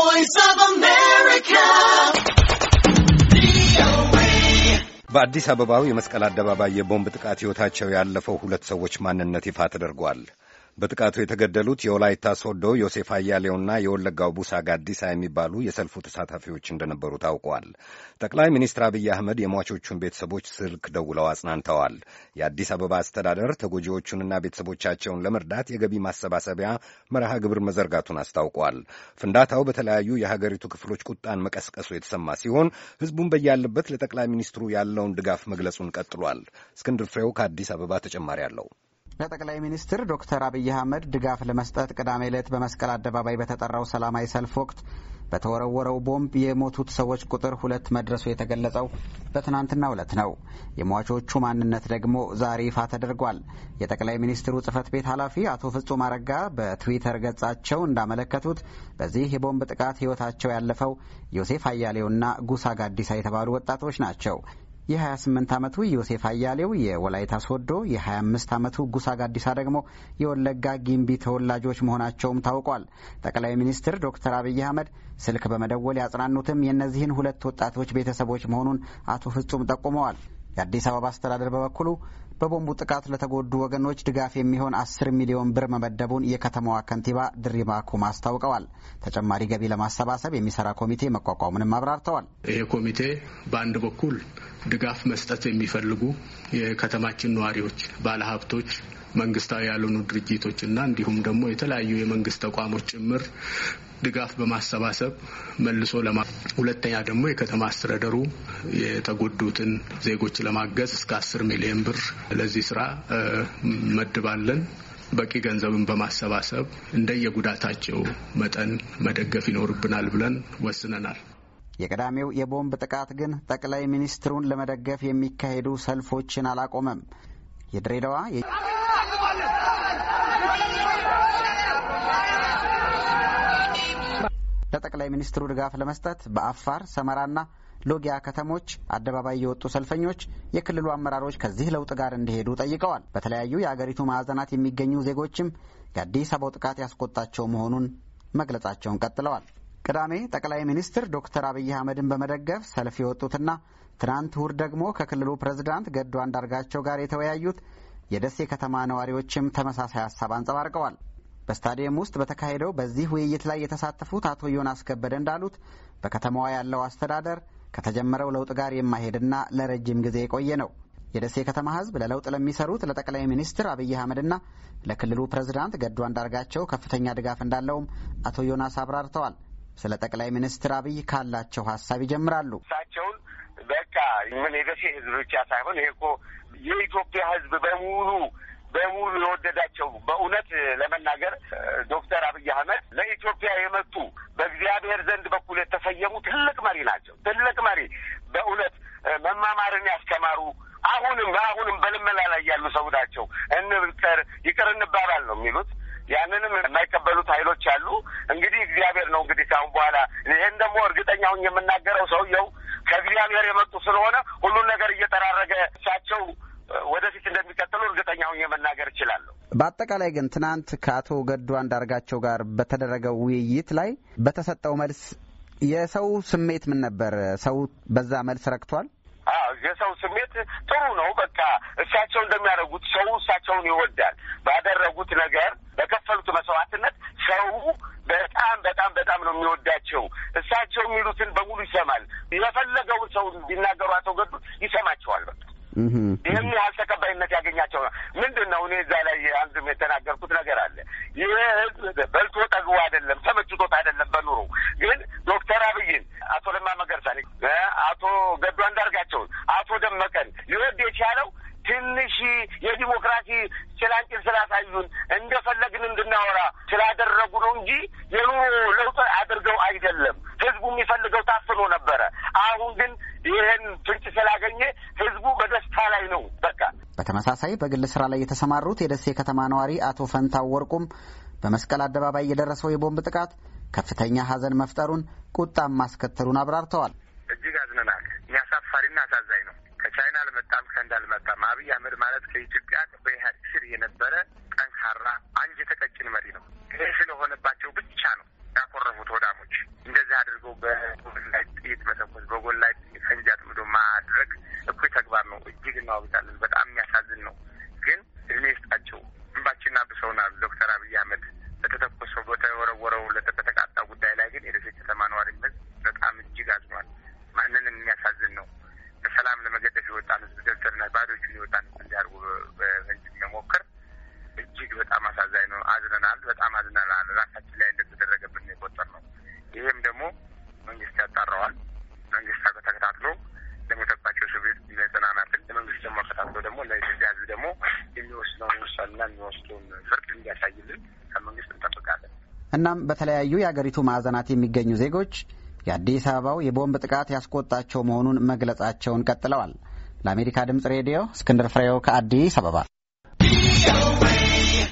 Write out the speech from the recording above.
voice of America. በአዲስ አበባው የመስቀል አደባባይ የቦምብ ጥቃት ሕይወታቸው ያለፈው ሁለት ሰዎች ማንነት ይፋ ተደርጓል። በጥቃቱ የተገደሉት የወላይታ ሶዶ ዮሴፍ አያሌውና የወለጋው ቡሳ ጋዲሳ የሚባሉ የሰልፉ ተሳታፊዎች እንደነበሩ ታውቋል። ጠቅላይ ሚኒስትር አብይ አህመድ የሟቾቹን ቤተሰቦች ስልክ ደውለው አጽናንተዋል። የአዲስ አበባ አስተዳደር ተጎጂዎቹንና ቤተሰቦቻቸውን ለመርዳት የገቢ ማሰባሰቢያ መርሃ ግብር መዘርጋቱን አስታውቋል። ፍንዳታው በተለያዩ የሀገሪቱ ክፍሎች ቁጣን መቀስቀሱ የተሰማ ሲሆን ህዝቡን በያለበት ለጠቅላይ ሚኒስትሩ ያለውን ድጋፍ መግለጹን ቀጥሏል። እስክንድር ፍሬው ከአዲስ አበባ ተጨማሪ አለው። ለጠቅላይ ሚኒስትር ዶክተር አብይ አህመድ ድጋፍ ለመስጠት ቅዳሜ ዕለት በመስቀል አደባባይ በተጠራው ሰላማዊ ሰልፍ ወቅት በተወረወረው ቦምብ የሞቱት ሰዎች ቁጥር ሁለት መድረሱ የተገለጸው በትናንትና ዕለት ነው። የሟቾቹ ማንነት ደግሞ ዛሬ ይፋ ተደርጓል። የጠቅላይ ሚኒስትሩ ጽህፈት ቤት ኃላፊ አቶ ፍጹም አረጋ በትዊተር ገጻቸው እንዳመለከቱት በዚህ የቦምብ ጥቃት ህይወታቸው ያለፈው ዮሴፍ አያሌውና ጉሳ ጋዲሳ የተባሉ ወጣቶች ናቸው። የ28 ዓመቱ ዮሴፍ አያሌው የወላይታ ሶዶ፣ የ25 ዓመቱ ጉሳ ጋዲሳ ደግሞ የወለጋ ጊምቢ ተወላጆች መሆናቸውም ታውቋል። ጠቅላይ ሚኒስትር ዶክተር አብይ አህመድ ስልክ በመደወል ያጽናኑትም የእነዚህን ሁለት ወጣቶች ቤተሰቦች መሆኑን አቶ ፍጹም ጠቁመዋል። የአዲስ አበባ አስተዳደር በበኩሉ በቦምቡ ጥቃት ለተጎዱ ወገኖች ድጋፍ የሚሆን አስር ሚሊዮን ብር መመደቡን የከተማዋ ከንቲባ ድሪባ ኩማ አስታውቀዋል። ተጨማሪ ገቢ ለማሰባሰብ የሚሰራ ኮሚቴ መቋቋሙንም አብራርተዋል። ይሄ ኮሚቴ በአንድ በኩል ድጋፍ መስጠት የሚፈልጉ የከተማችን ነዋሪዎች፣ ባለሀብቶች፣ መንግስታዊ ያልሆኑ ድርጅቶችና እንዲሁም ደግሞ የተለያዩ የመንግስት ተቋሞች ጭምር ድጋፍ በማሰባሰብ መልሶ ለማ ሁለተኛ ደግሞ የከተማ አስተዳደሩ የተጎዱትን ዜጎች ለማገዝ እስከ አስር ሚሊዮን ብር ለዚህ ስራ መድባለን። በቂ ገንዘብን በማሰባሰብ እንደየጉዳታቸው መጠን መደገፍ ይኖርብናል ብለን ወስነናል። የቀዳሚው የቦምብ ጥቃት ግን ጠቅላይ ሚኒስትሩን ለመደገፍ የሚካሄዱ ሰልፎችን አላቆመም። የድሬዳዋ ለጠቅላይ ሚኒስትሩ ድጋፍ ለመስጠት በአፋር ሰመራና ሎጊያ ከተሞች አደባባይ የወጡ ሰልፈኞች የክልሉ አመራሮች ከዚህ ለውጥ ጋር እንዲሄዱ ጠይቀዋል። በተለያዩ የአገሪቱ ማዕዘናት የሚገኙ ዜጎችም የአዲስ አበባው ጥቃት ያስቆጣቸው መሆኑን መግለጻቸውን ቀጥለዋል። ቅዳሜ ጠቅላይ ሚኒስትር ዶክተር አብይ አህመድን በመደገፍ ሰልፍ የወጡትና ትናንት እሁድ ደግሞ ከክልሉ ፕሬዝዳንት ገዱ አንዳርጋቸው ጋር የተወያዩት የደሴ ከተማ ነዋሪዎችም ተመሳሳይ ሀሳብ አንጸባርቀዋል። በስታዲየም ውስጥ በተካሄደው በዚህ ውይይት ላይ የተሳተፉት አቶ ዮናስ ከበደ እንዳሉት በከተማዋ ያለው አስተዳደር ከተጀመረው ለውጥ ጋር የማይሄድና ለረጅም ጊዜ የቆየ ነው። የደሴ ከተማ ሕዝብ ለለውጥ ለሚሰሩት ለጠቅላይ ሚኒስትር አብይ አህመድና ለክልሉ ፕሬዝዳንት ገዱ አንዳርጋቸው ከፍተኛ ድጋፍ እንዳለውም አቶ ዮናስ አብራርተዋል። ስለ ጠቅላይ ሚኒስትር አብይ ካላቸው ሀሳብ ይጀምራሉ። እሳቸውን በቃ ምን የደሴ ሕዝብ ብቻ ሳይሆን ይሄ እኮ የኢትዮጵያ ሕዝብ በሙሉ በሙሉ የወደዳቸው በእውነት ለመናገር ዶክተር አብይ አህመድ ለኢትዮጵያ የመጡ በእግዚአብሔር ዘንድ በኩል የተሰየሙ ትልቅ መሪ ናቸው። ትልቅ መሪ በእውነት መማማርን ያስተማሩ አሁንም አሁንም በልመላ ላይ ያሉ ሰው ናቸው። እንብጠር ይቅር እንባባል ነው የሚሉት። ያንንም የማይቀበሉት ኃይሎች አሉ። እንግዲህ እግዚአብሔር ነው እንግዲህ ካሁን በኋላ ይህን ደግሞ እርግጠኛውን የምናገረው ሰውየው ከእግዚአብሔር የመጡ ስለሆነ ሁሉን ነገር እየጠራረገ እሳቸው ወደፊት እንደሚቀጥሉ እርግጠኛ ሁኜ መናገር እችላለሁ። በአጠቃላይ ግን ትናንት ከአቶ ገዱ አንዳርጋቸው ጋር በተደረገው ውይይት ላይ በተሰጠው መልስ የሰው ስሜት ምን ነበር? ሰው በዛ መልስ ረክቷል። የሰው ስሜት ጥሩ ነው። በቃ እሳቸው እንደሚያደርጉት ሰው እሳቸውን ይወዳል። ባደረጉት ነገር፣ በከፈሉት መስዋዕትነት ሰው በጣም በጣም በጣም ነው የሚወዳቸው። እሳቸው የሚሉትን በሙሉ ይሰማል። የፈለገውን ሰው ቢናገሩ አቶ ገዱ ይሰማቸዋል። ይህም ያህል ተቀባይነት ያገኛቸው ነው። ምንድን ነው እኔ እዛ ላይ አንድ የተናገርኩት ነገር አለ። ይህ ህዝብ በልቶ ጠግቦ አይደለም፣ ተመችቶት አይደለም። በኑሮ ግን ዶክተር አብይን፣ አቶ ለማ መገርሳን፣ አቶ ገዱ አንዳርጋቸውን፣ አቶ ደመቀን ይወድ የቻለው ትንሽ የዲሞክራሲ ጭላንጭል ስላሳዩን እንደፈለግን እንድናወራ ስላደረጉ ነው እንጂ የኑሮ ለውጥ አድርገው አይደለም። ህዝቡ የሚፈልገው ታፍኖ ነበረ። አሁን ግን ይህን ፍንጭ ስላገኘ ህዝቡ በደስታ ላይ ነው። በቃ በተመሳሳይ በግል ስራ ላይ የተሰማሩት የደሴ ከተማ ነዋሪ አቶ ፈንታው ወርቁም በመስቀል አደባባይ የደረሰው የቦምብ ጥቃት ከፍተኛ ሀዘን መፍጠሩን ቁጣም ማስከተሉን አብራርተዋል። እጅግ አዝነናል። የሚያሳፋሪና አሳዘ ማውጣለን። በጣም የሚያሳዝን ነው። ግን እድሜ ይስጣቸው፣ እንባችንን አብሰውናል። ዶክተር አብይ አህመድ በተተኮሰው በተወረወረው በተቃጣው ጉዳይ ላይ ግን የደሴ ከተማ ነዋሪ ህዝብ በጣም እጅግ አዝኗል። ማንንም የሚያሳዝን ነው። በሰላም ለመገደፍ የወጣን ህዝብ ደብተርና ባዶቹን የወጣን ተጠናክሮ ደግሞ ለኢትዮጵያ ሕዝብ ደግሞ የሚወስነውን ውሳኔና የሚወስደውን ፍርድ እንዲያሳይልን ከመንግስት እንጠብቃለን። እናም በተለያዩ የአገሪቱ ማዕዘናት የሚገኙ ዜጎች የአዲስ አበባው የቦምብ ጥቃት ያስቆጣቸው መሆኑን መግለጻቸውን ቀጥለዋል። ለአሜሪካ ድምጽ ሬዲዮ እስክንድር ፍሬው ከአዲስ አበባ